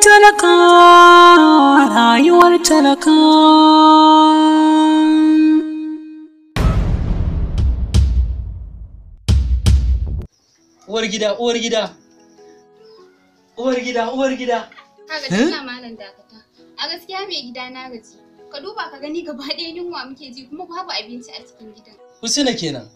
talaka rayuwar talaka uwar gida uwar gida uwar gida uwar gida eh? malam dakata a gaskiya mai gida na gaji ka duba ka gani gaba ɗaya yunwa muke ji kuma babu abinci a cikin gidan Husina kenan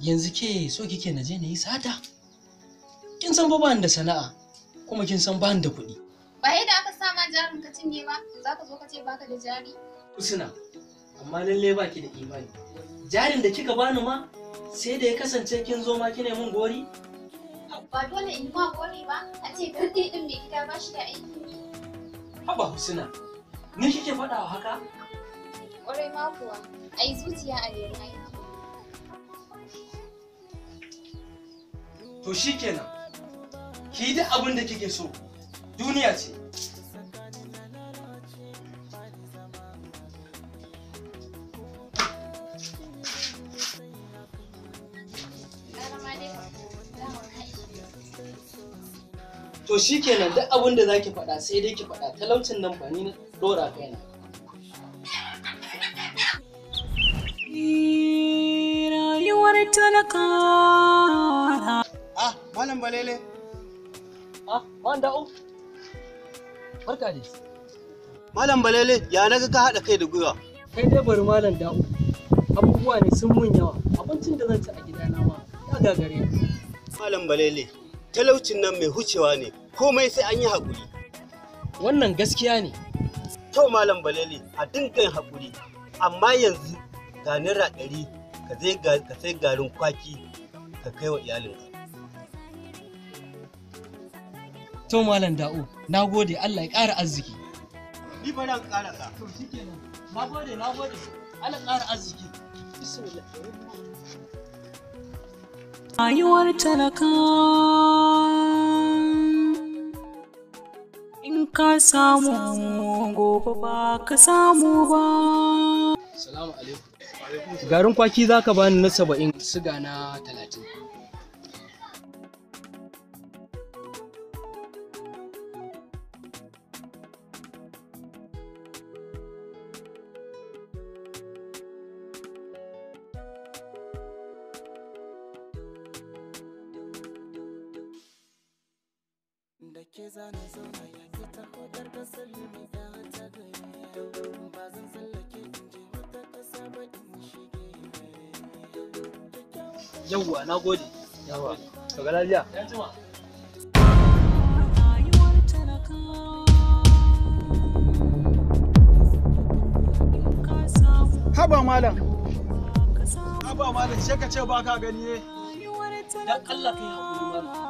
yanzu ke so kike na je na yi sata kin san ba da sana'a kuma kin san bani da kuɗi. Ba yadda aka sa ma jarin ka cinye ba, za ka zo ka ce baka da jari. Usina, amma lalle ki da imani. Jarin da kika bani ma sai da ya kasance kin zo ma kina mun gori. Ba dole in ma gori ba, a ce garɗe ɗin mai gida ba shi da aiki Haba Husina, ni kike faɗawa haka? Ƙwarai ma kuwa, a yi zuciya a nemi aiki. To shikenan, ki yi duk abin da kike so duniya ce to shi kenan duk abin da za ki faɗa sai dai ki faɗa talaucin nan ba ni dora kaina rayuwar talaka ah malam balele Malam Balele, ya naga ka haɗa kai da gwiwa? Kai dai bari Malam da'o. Abubuwa ne sun mun yawa. Abincin da zan ci a gidana ma ya gagare Malam Balele, talaucin nan mai hucewa ne. Komai sai an yi hakuri. Wannan gaskiya ne. To Malam Balele, a dinga yin haƙuri. Amma yanzu ga naira ɗari ka sai garin kwaki ka kai wa iyalinka. to malam da'u na gode Allah ya ƙara arziki ni ba ran ƙara ka to shikenan na gode na gode Allah ƙara arziki bismillah rayuwar talaka in ka samu gobe ba ka samu ba salamu alaikum garin kwaki zaka bani na saba'in siga na talatin da ke zane zauna ya ke ta hodar da salimi da hata ba zan tsallake in je wata ba in shige yawwa na gode yawwa ka ga lafiya haba malam haba malam sai ka ce ba ka gani ne eh. dan Allah kai hakuri malam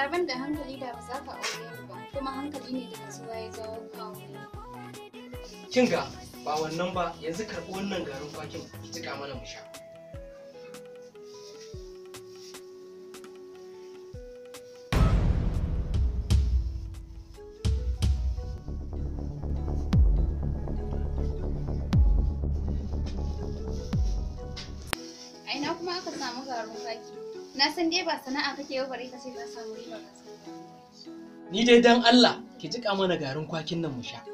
Da da hankali da ba za ka aure ni ba, kuma hankali ne da kasuwa ya jawo ka aure. ga ba wannan ba, yanzu karɓi wannan garin kwakin ki jika mana mu sha. Aina kuma aka samu garin kwaki. Na san dai ba sana'a kake yau bare ka ce ka samu riba ka Ni dai dan Allah ki jika mana garin kwakin nan mu sha.